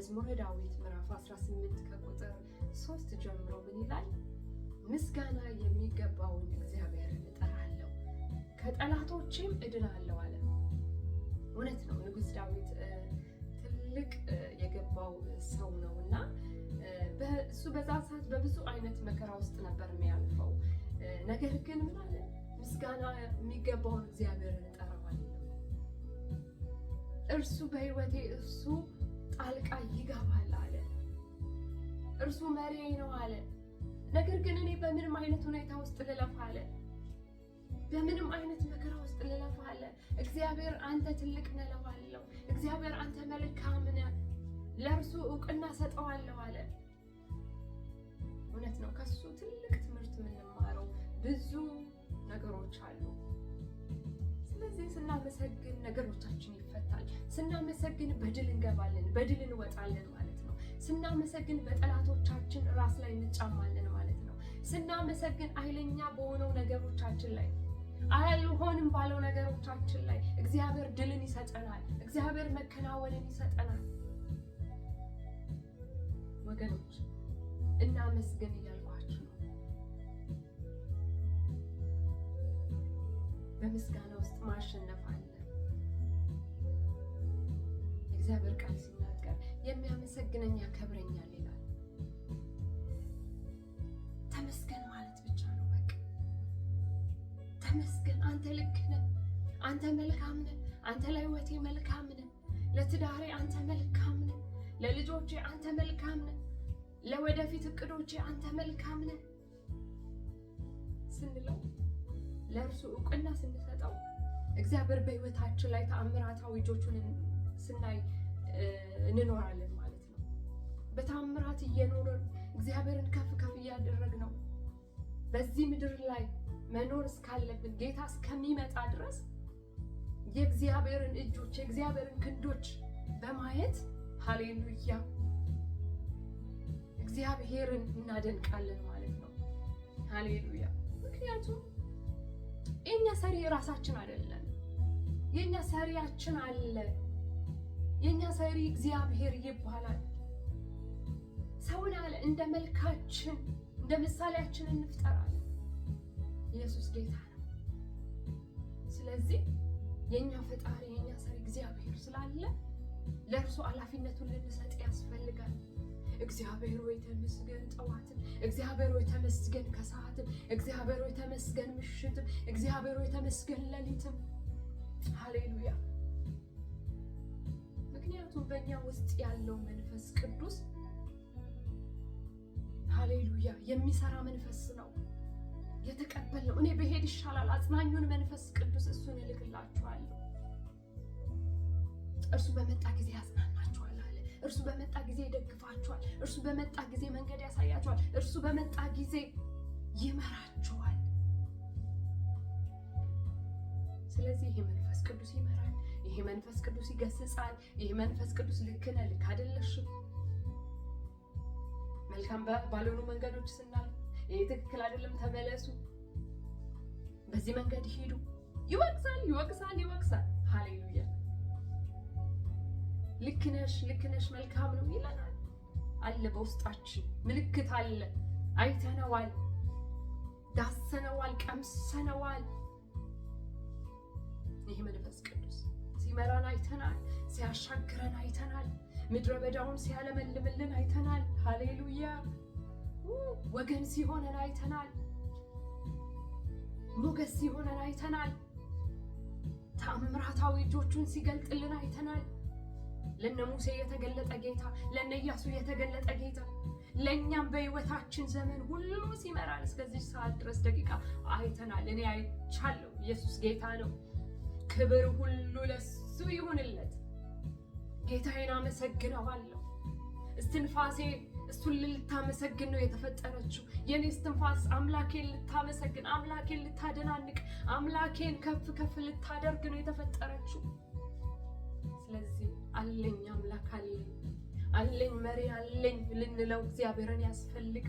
መዝሙረ ዳዊት ምዕራፍ 18 ከቁጥር 3 ጀምሮ ምን ይላል? ምስጋና የሚገባውን እግዚአብሔርን እጠራለሁ ከጠላቶችም እድናለሁ አለ። እውነት ነው። ንጉሥ ዳዊት ትልቅ የገባው ሰው ነው እና እሱ በዛ ሰዓት በብዙ አይነት መከራ ውስጥ ነበር የሚያልፈው። ነገር ግን ምን አለ? ምስጋና የሚገባውን እግዚአብሔርን እጠራዋለሁ እርሱ በህይወቴ እርሱ ጣልቃ ይገባል አለ። እርሱ መሪ ነው አለ። ነገር ግን እኔ በምንም አይነት ሁኔታ ውስጥ ልለፍ አለ። በምንም አይነት መከራ ውስጥ ልለፍ አለ። እግዚአብሔር አንተ ትልቅ ነህ እግዚአብሔር አንተ መልካም ነህ፣ ለእርሱ እውቅና ሰጠዋለሁ አለ። እውነት ነው። ከሱ ትልቅ ትምህርት የምንማረው ብዙ ነገሮች አሉ። ስናመሰግን ነገሮቻችን ይፈታል። ስናመሰግን በድል እንገባለን፣ በድል እንወጣለን ማለት ነው። ስናመሰግን በጠላቶቻችን ራስ ላይ እንጫማለን ማለት ነው። ስናመሰግን ኃይለኛ በሆነው ነገሮቻችን ላይ አልሆንም ባለው ነገሮቻችን ላይ እግዚአብሔር ድልን ይሰጠናል። እግዚአብሔር መከናወንን ይሰጠናል። ወገኖች እናመስግን እያለ በምስጋና ውስጥ ማሸነፍ አለ። እግዚአብሔር ቃል ሲናገር የሚያመሰግነኝ ያከብረኛል ይላል። ተመስገን ማለት ብቻ ነው በቃ ተመስገን። አንተ ልክ ነህ፣ አንተ መልካም ነህ፣ አንተ ለሕይወቴ መልካም ነህ፣ ለትዳሬ አንተ መልካም ነህ፣ ለልጆቼ አንተ መልካም ነህ፣ ለወደፊት እቅዶቼ አንተ መልካም ነህ ስንለው ለእርሱ እውቅና ስንሰጠው እግዚአብሔር በህይወታችን ላይ ተአምራታዊ እጆቹን ስናይ እንኖራለን ማለት ነው። በተአምራት እየኖርን እግዚአብሔርን ከፍ ከፍ እያደረግነው በዚህ ምድር ላይ መኖር እስካለብን ጌታ እስከሚመጣ ድረስ የእግዚአብሔርን እጆች የእግዚአብሔርን ክንዶች በማየት ሀሌሉያ እግዚአብሔርን እናደንቃለን ማለት ነው። ሀሌሉያ ምክንያቱም የእኛ ሰሪ ራሳችን አይደለም። የእኛ ሰሪያችን አለ። የእኛ ሰሪ እግዚአብሔር ይባላል። ሰውን አለ እንደ መልካችን እንደ ምሳሌያችን እንፍጠራለን። ኢየሱስ ጌታ ነው። ስለዚህ የእኛ ፈጣሪ የእኛ ሰሪ እግዚአብሔር ስላለ ለእርሱ ኃላፊነቱን ልንሰጥ ያስፈልጋል። እግዚአብሔር ወይ ተመስገን ጠዋትም፣ እግዚአብሔር ወይ ተመስገን ከሰዓትም፣ እግዚአብሔር ወይ ተመስገን ምሽትም፣ እግዚአብሔር ወይ ተመስገን ሌሊትም። ሃሌሉያ። ምክንያቱም በእኛ ውስጥ ያለው መንፈስ ቅዱስ ሃሌሉያ የሚሰራ መንፈስ ነው የተቀበልነው። እኔ በሄድ ይሻላል አጽናኙን መንፈስ ቅዱስ እሱን እልክላችኋለሁ። እርሱ በመጣ ጊዜ ያጽናል። እርሱ በመጣ ጊዜ ይደግፋችኋል። እርሱ በመጣ ጊዜ መንገድ ያሳያችኋል። እርሱ በመጣ ጊዜ ይመራችኋል። ስለዚህ ይሄ መንፈስ ቅዱስ ይመራል። ይሄ መንፈስ ቅዱስ ይገስጻል። ይሄ መንፈስ ቅዱስ ልክ ነህ፣ ልክ አይደለሽም፣ መልካም ባልሆኑ መንገዶች ስናል፣ ይሄ ትክክል አይደለም፣ ተመለሱ፣ በዚህ መንገድ ሄዱ፣ ይወቅሳል፣ ይወቅሳል፣ ይወቅሳል። ሃሌሉያ ልክነሽ ልክነሽ መልካም ነው ይለናል። አለ በውስጣችን ምልክት አለ። አይተነዋል፣ ዳሰነዋል፣ ቀምሰነዋል። ይህ መንፈስ ቅዱስ ሲመራን አይተናል፣ ሲያሻግረን አይተናል፣ ምድረ በዳውን ሲያለመልምልን አይተናል። ሃሌሉያ ወገን ሲሆነን አይተናል። ሞገስ ሲሆነን አይተናል። ተአምራታዊ እጆቹን ሲገልጥልን አይተናል። ለነ ሙሴ የተገለጠ ጌታ፣ ለነ ኢያሱ የተገለጠ ጌታ ለእኛም በህይወታችን ዘመን ሁሉ ሲመራን እስከዚህ ሰዓት ድረስ ደቂቃ አይተናል። እኔ አይቻለሁ። ኢየሱስ ጌታ ነው። ክብር ሁሉ ለሱ ይሁንለት። ጌታዬን አመሰግነዋለሁ። እስትንፋሴ እሱን ልታመሰግን ነው የተፈጠረችው። የኔ እስትንፋስ አምላኬን ልታመሰግን፣ አምላኬን ልታደናንቅ፣ አምላኬን ከፍ ከፍ ልታደርግ ነው የተፈጠረችው። ስለዚህ አለኝ አምላክ አለኝ አለኝ መሪ አለኝ ልንለው እግዚአብሔርን ያስፈልጋል።